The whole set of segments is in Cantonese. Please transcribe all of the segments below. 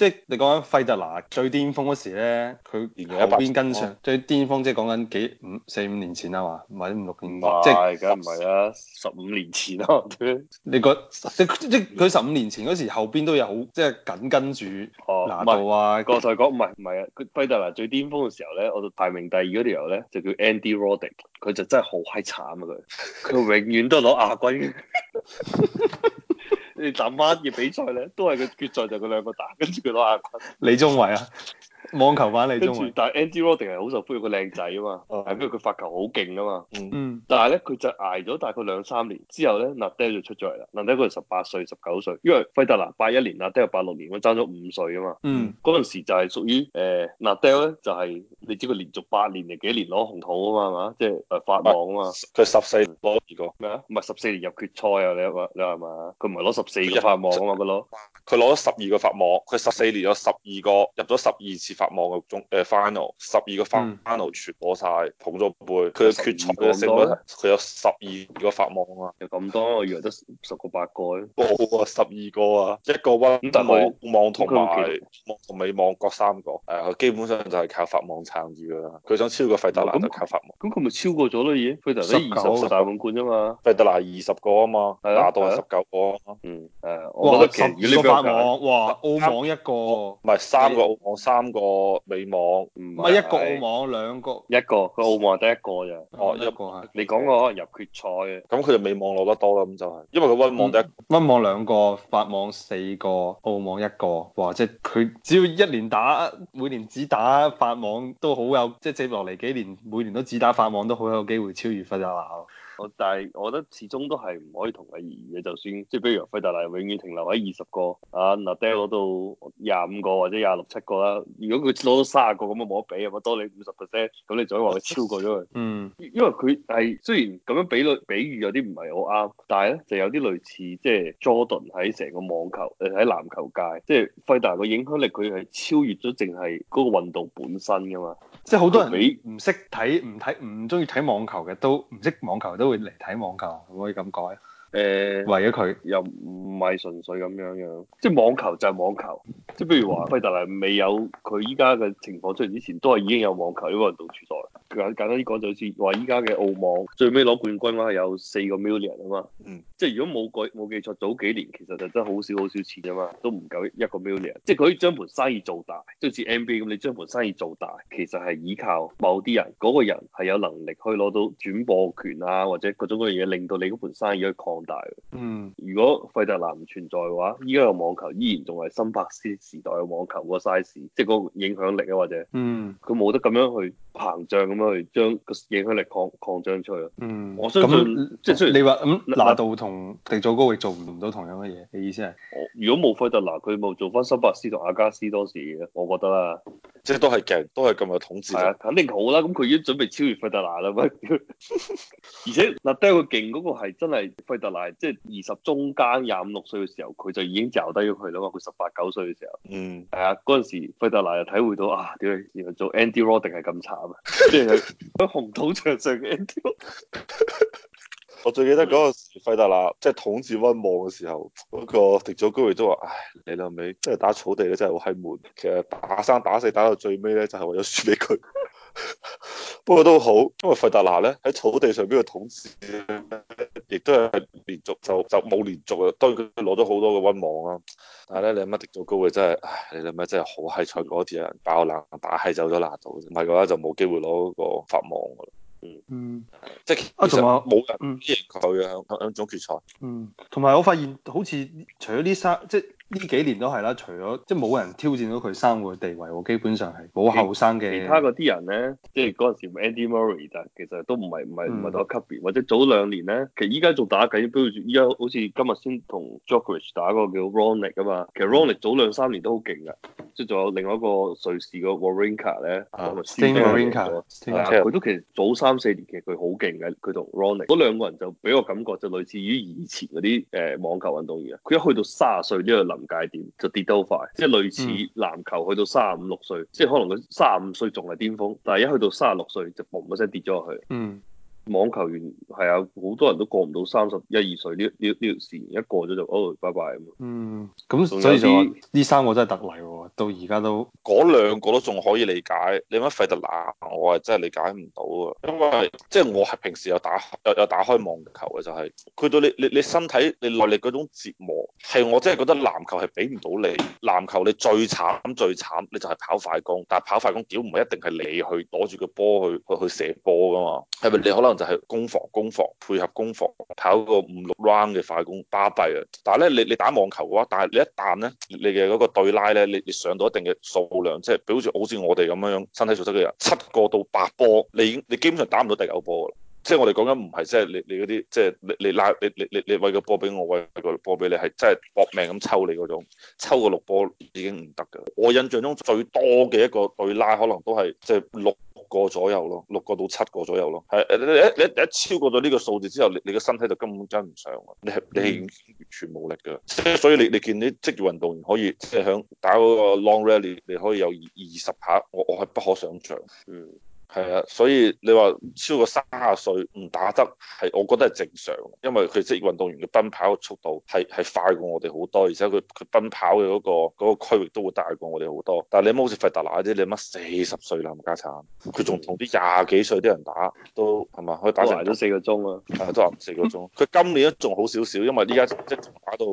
即係你講緊費特拿最巔峰嗰時咧，佢一邊跟上最巔峰即係講緊幾五四五年前五五五啊嘛，唔係五六年，即係梗係唔係啦，十五年前咯、啊。你講即即佢十五年前嗰時後邊都有好，即係緊跟住、啊、哦，拿度啊，個賽講唔係唔係啊。佢費特拿最巔峰嘅時候咧，我就排名第二嗰條友咧，就叫 Andy Roddick，佢就真係好閪慘啊佢，佢永遠都攞亞軍。 你打乜嘅比賽咧，都係個決賽就佢、是、兩個打，跟住佢攞亞軍。李宗偉啊， 網球版李宗偉，但係 Andy Roddick 係好受歡迎個靚仔啊嘛，係、哦、因為佢發球好勁啊嘛。嗯嗯，但係咧佢就捱咗大概兩三年之後咧，Nadal 就出咗嚟啦。Nadal 佢十八歲、十九歲，因為費特拿八一年，Nadal 八六年，佢爭咗五歲啊嘛。嗯，嗰陣時就係屬於誒 Nadal 咧，就係、是。你知佢連續八年定幾年攞紅土啊嘛？係嘛，即係誒法網啊嘛。佢十四年攞咗十二個咩啊？唔係十四年入決賽啊！你話你話嘛？佢唔係攞十四個法網啊嘛！佢攞佢攞咗十二個法網。佢十四年有十二個入咗十二次法網嘅中誒 final，十二個法、嗯、final 全部曬捧咗杯。佢嘅決賽佢有十二個法網啊！有咁多？我以為得十個八個。 啊個啊，十二個啊，一個温 網、網同埋網同美網各三個。誒、呃，基本上就係靠法網佢想超過費特拿就靠法網。咁佢咪超過咗咯已經？費特拿得二十大滿貫啫嘛。費特拿二十個啊嘛，打到係十九個。嗯，誒，我覺得其實呢個，哇，澳網一個，唔係三個澳網，三個美網，唔係一個澳網，兩個，一個佢澳網係得一個咋？哦，一個係。你講個可能入決賽，咁佢就美網攞得多啦。咁就係，因為佢溫網得溫網兩個，法網四個，澳網一個。哇！即係佢只要一年打，每年只打法網都好有，即係接落嚟幾年，每年都只打法網，都好有機會超越費特拿。但係，我覺得始終都係唔可以同佢比嘅。就算即係比如費特拿永遠停留喺二十個，阿那戴攞到廿五個或者廿六七個啦。如果佢攞到卅個咁，都冇得比啊嘛。多你五十 percent，咁你就可以話佢超過咗佢。嗯，因為佢係雖然咁樣比類比喻有啲唔係好啱，但係咧就有啲類似即係 Jordan 喺成個網球誒喺籃球界，即係費特拿嘅影響力，佢係超越咗淨係嗰個運動本身噶嘛。即係好多人唔識睇，唔睇唔中意睇網球嘅都唔識網球都。會嚟睇網球，可唔可以咁改？咧、呃？誒，為咗佢又唔係純粹咁樣樣，即係網球就係網球。即係譬如話，費特拿未有佢依家嘅情況出現，之前，都係已經有網球呢個運動存在。簡簡單啲講，就好似話依家嘅澳網最尾攞冠軍，啊，話係有四個 million 啊嘛。嗯。即係如果冇記冇記錯，早幾年其實就真係好少好少錢啊嘛，都唔夠一個 million。即係佢可以將盤生意做大，即好似 NBA 咁，你將盤生意做大，其實係依靠某啲人，嗰、嗰個人係有能力可以攞到轉播權啊，或者各種各樣嘢，令到你嗰盤生意可以擴大。嗯。如果費特拿唔存在嘅話，依家個網球依然仲係新柏斯時代嘅網球個 size，即係嗰個影響力啊或者。嗯。佢冇得咁樣去膨脹咁。去將個影響力擴擴張出去。嗯，咁即係雖然你話咁拿度同迪祖高域做唔到同樣嘅嘢，你意思係？如果冇費特拿，佢冇做翻新柏斯同阿加斯當時嘅，我覺得啦，即係都係勁，都係咁嘅統治。係啊，肯定好啦。咁佢已經準備超越費特拿啦。 而且嗱，低佢個勁嗰個係真係費特拿，即係二十中間廿五六歲嘅時候，佢就已經攪低咗佢啦。佢十八九歲嘅時候，嗯，係啊，嗰陣時費特拿又體會到啊，點解原來做 Andy Roddick 係咁慘啊？即係。紅土場上嘅我最記得嗰個費特拿，即係統治溫網嘅時候，嗰，就是那個迪佐高亦都話，唉，你老味，即係打草地咧，真係好閪悶。其實打生打死打到最尾咧，就係、是，為咗輸俾佢。 不過都好，因為費特拿咧喺草地上邊嘅統治，亦都係。續就就冇連續啊，當然佢攞咗好多嘅溫網啊，但係咧你諗乜跌咗高嘅真係，你諗下真係好閪彩嗰次啊，爆冷打閪走咗難度，唔係嘅話就冇機會攞嗰個法網噶啦，嗯，即係啊同埋冇人支持佢響響總決賽，嗯，同埋、嗯、我發現好似除咗呢三即係。呢幾年都係啦，除咗即係冇人挑戰到佢三個地位喎，基本上係冇後生嘅。其他嗰啲人咧，即係嗰陣時 Andy Murray 就其實都唔係唔係唔係到級別，或者早兩年咧，其實依家仲打緊，包括依家好似今日先同 Djokovic 打嗰個叫 Raonic 啊嘛。其實 Raonic 早兩三年都好勁噶，即係仲有另外一個瑞士個 Wawrinka 咧，啊，Stan Wawrinka，係啊，佢都其實早三四年其實佢好勁嘅，佢同 Raonic 嗰兩個人就俾我感覺就類似於以前嗰啲誒網球運動員啊，佢一去到卅歲之後諗。界點就跌得好快，即係類似籃球去到三十五六歲，即係可能佢三十五歲仲係巔峰，但係一去到三十六歲就嘣一聲跌咗落去。嗯。 嗯網球員係啊，好多人都過唔到三十一二歲呢呢呢條線，一過咗就哦，拜拜咁。嗯，咁有所以呢三個真係特例喎，到而家都嗰兩個都仲可以理解，你乜費特拿我係真係理解唔到啊，因為即係、就是、我係平時有打又又打開網球嘅、就是，就係佢對你你你身體你耐力嗰種折磨，係我真係覺得籃球係畀唔到你，籃球你最慘最慘，你就係跑快攻，但係跑快攻屌唔係一定係你去攞住個波去去去射波噶嘛，係咪你可能？就係攻防，攻防配合攻防跑個五六 round 嘅快攻巴閉啊！但係咧，你你打網球嘅話，但係你一旦咧，你嘅嗰個對拉咧，你你上到一定嘅數量，即係好似好似我哋咁樣身體素質嘅人，七個到八波，你已經你基本上打唔到第九波噶啦。即係我哋講緊唔係即係你你嗰啲即係你你拉你你你你喂個波俾我，喂個波俾你，係真係搏命咁抽你嗰種，抽個六波已經唔得噶。我印象中最多嘅一個對拉可能都係即係六。個左右咯，六個到七個左右咯，係你一你一，你一超過咗呢個數字之後，你你個身體就根本跟唔上啊，你係你係完全冇力噶，所以你你見啲職業運動員可以即係響打嗰個 long rally，你可以有二二十下，我我係不可想象。嗯。係啊，所以你話超過三十歲唔打得係，我覺得係正常，因為佢職業運動員嘅奔跑嘅速度係係快過我哋好多，而且佢佢奔跑嘅嗰、嗰個嗰、嗰個、區域都會大過我哋好多。但係你乜好似費特拿啲，你乜四十歲啦，冇家產，佢仲同啲廿幾歲啲人打都係嘛？可以打成咗四個鐘啊， 都話四個鐘。佢今年都仲好少少，因為依家即係打到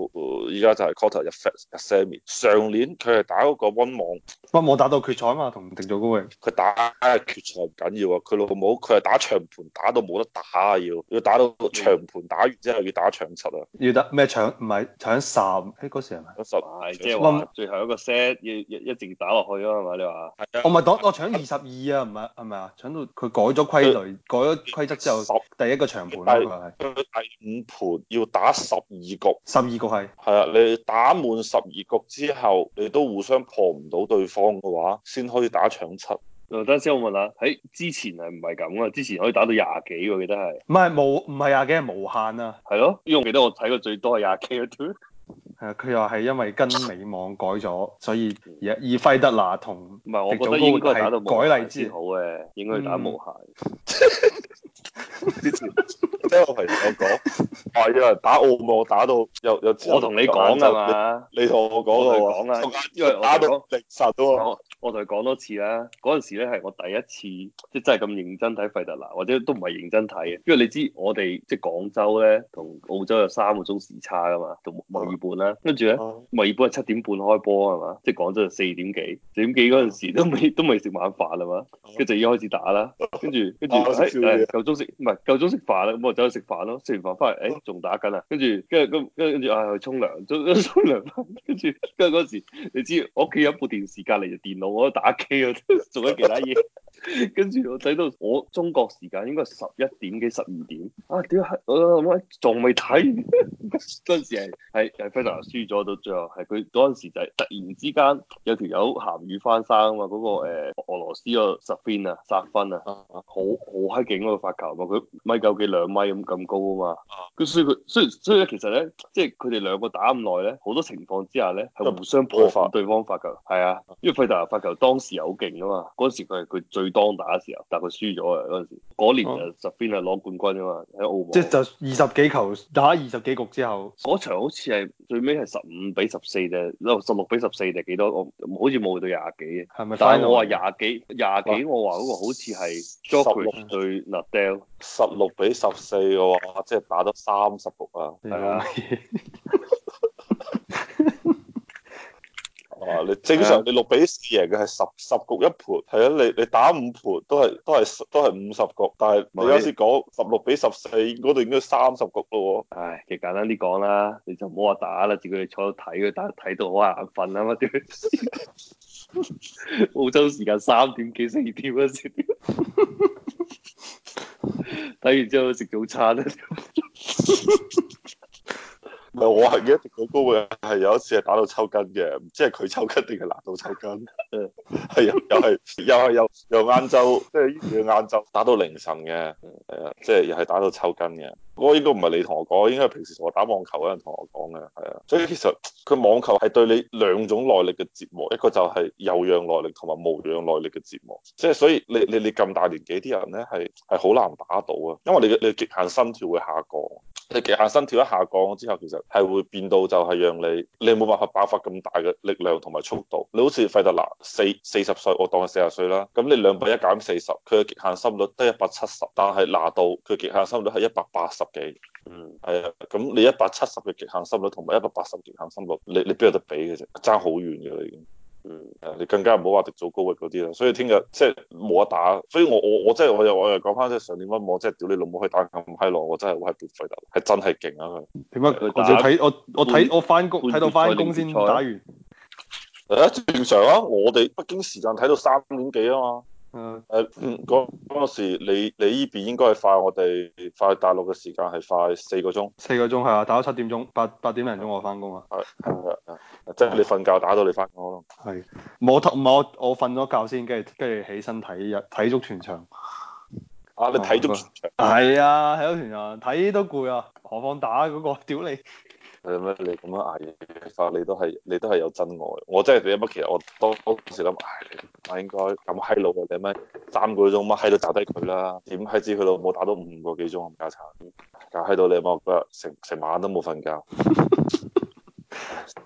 依家、呃、就係 quarter 一 fat 一 semi。上年佢係打嗰個温網，温網打到決賽嘛，同定咗高域。佢打決賽。唔緊要啊！佢老母，佢係打長盤，打到冇得打啊！要要打到長盤，打完之後要打搶七啊！要打咩搶？唔係搶十？嗰時係咪？搶十即係、就是、不最後一個 set 要一一直打落去啊。係咪？你話係啊？我唔係講我搶二十二啊，唔係唔係啊！搶到佢改咗規律，他改咗規則之後，十第一個長盤啊，係打是第五盤要打十二局，十二局係係啊！你打滿十二局之後，你都互相破唔到對方嘅話，先可以打搶七。等下先，我問下，喺之前係唔係咁啊？之前可以打到廿幾，我記得係。唔係無，唔係廿幾係無限啊。係咯，因為我記得我睇過最多係廿 K 咯。係啊，佢又係因為跟美網改咗，所以而而費特拿同唔係，我覺得應該打到改例之好嘅，應該打無限。之前即係我平時我講。因為打澳網打到又又，我同你講係嘛？你同我講我同佢講啊，因為打到你實都，我同你講多次啦。嗰陣時咧係我第一次即係、就是、真係咁認真睇費特拿，或者都唔係認真睇嘅。因為你知我哋即係廣州咧同澳洲有三個鐘時差噶嘛，同墨爾本啦。跟住咧，墨爾本係七點半開波係、就是、嘛？即係廣州就四點幾，四點幾嗰陣時都未都未食晚飯啦嘛。跟住要開始打啦，跟住跟住誒夠鐘食唔係夠鐘食飯啦，咁我走去食飯咯。食完飯翻嚟誒仲打緊啦，跟住，跟住，跟住跟住，啊去沖涼，沖沖涼。跟住，跟住嗰時，你知我屋企有部電視隔籬就電腦，我都打機啊，做緊其他嘢。 跟住我睇到我中國時間應該係十一點幾十二點啊？點解！我諗仲未睇嗰陣時係係費特拿輸咗，到最後係佢嗰陣時就係突然之間有條友鹹魚翻生啊嘛！嗰、那個誒、欸、俄羅斯個薩芬啊薩芬啊，好好嗨勁嗰個發球啊，佢米九幾兩米咁咁高啊嘛！啊！佢輸佢，所以所以咧，以其實咧，即係佢哋兩個打咁耐咧，好多情況之下咧係互相破發對方發球係 啊！因為費特拿發球當時又好勁噶嘛，嗰時佢係佢最。當打嘅時候，但係佢輸咗啊！嗰陣時，嗰年啊 t e f 係攞冠軍啊嘛，喺澳網。即係就二十幾球打二十幾局之後，嗰場好似係最尾係十五比十四啫，十六比十四定幾多？我好似冇到廿幾。係咪？但係我話廿幾廿幾，我話嗰個好似係十六對 Nadal 十六比十四嘅話，即係打咗三十局啊！係啊。10, 10啊！你正常你六比四贏嘅係十十局一盤，係啊！你你打五盤都係都係都係五十局，但係你啱先講十六比十四，嗰度應該三十局咯。唉，其實簡單啲講啦，你就唔好話打啦，自己坐喺度睇佢，但係睇到好眼瞓啊嘛。 澳洲時間三點幾四點啊，睇 完之後食早餐啊。 我係記得，嘅，佢好高嘅係有一次係打到筋抽筋嘅，唔知係佢抽筋定係我到抽筋。嗯， 係又係又係又又晏晝，即係呢段晏晝打到凌晨嘅，係即係又係打到抽筋嘅。我應該唔係你同我講，應該係平時同我打網球嗰人同我講嘅，係啊。所以其實佢網球係對你兩種耐力嘅折磨，一個就係有氧耐力同埋無氧耐力嘅折磨。即係所以你你你咁大年紀啲人咧係係好難打到啊，因為你嘅你極限心跳會下降，你極限心跳一下降之後，其實係會變到就係讓你你冇辦法爆發咁大嘅力量同埋速度。你好似費特拿四四十歲，我當係四十歲啦，咁你兩百一減四十，佢嘅極限心率得一百七十，但係拿到佢極限心率係一百八十。嘅，嗯，係啊，咁你一百七十嘅極限心率同埋一百八十極限心率，你你邊有得比嘅啫？爭好遠嘅啦已經，嗯，你更加唔好話迪祖高域嘅嗰啲啦，所以聽日即係冇得打，所以我我我即係我又我又講翻即係上年乜我即係屌你老母去打咁閪耐。我真係我係佩服得，係真係勁啊佢。點解？我睇我我睇我翻工睇到翻工先打完。誒，正常啊，我哋北京時間睇到三點幾啊嘛。誒誒，嗰嗰、嗯那個、時你你呢邊應該係快，我哋快大陸嘅時間係快四個鐘，四個鐘係啊，打到七點鐘，八八點零鐘我翻工啊，係係、啊、即係你瞓覺打到你翻工咯，係、啊，冇冇我瞓咗覺先，跟住跟住起身睇日睇足全場，啊你睇足全場，係啊睇咯，全場睇都攰啊，何況打嗰、那個屌你！係咁你咁樣捱嘢發，你都係你都係有真愛。我真係你阿媽，其實我當當時諗，唉，我應該咁閪老嘅你阿媽，三嗰鐘乜閪都打低佢啦。點閪知佢老母打到五個幾鐘咁鬼慘，搞閪到你阿媽，成成晚都冇瞓覺。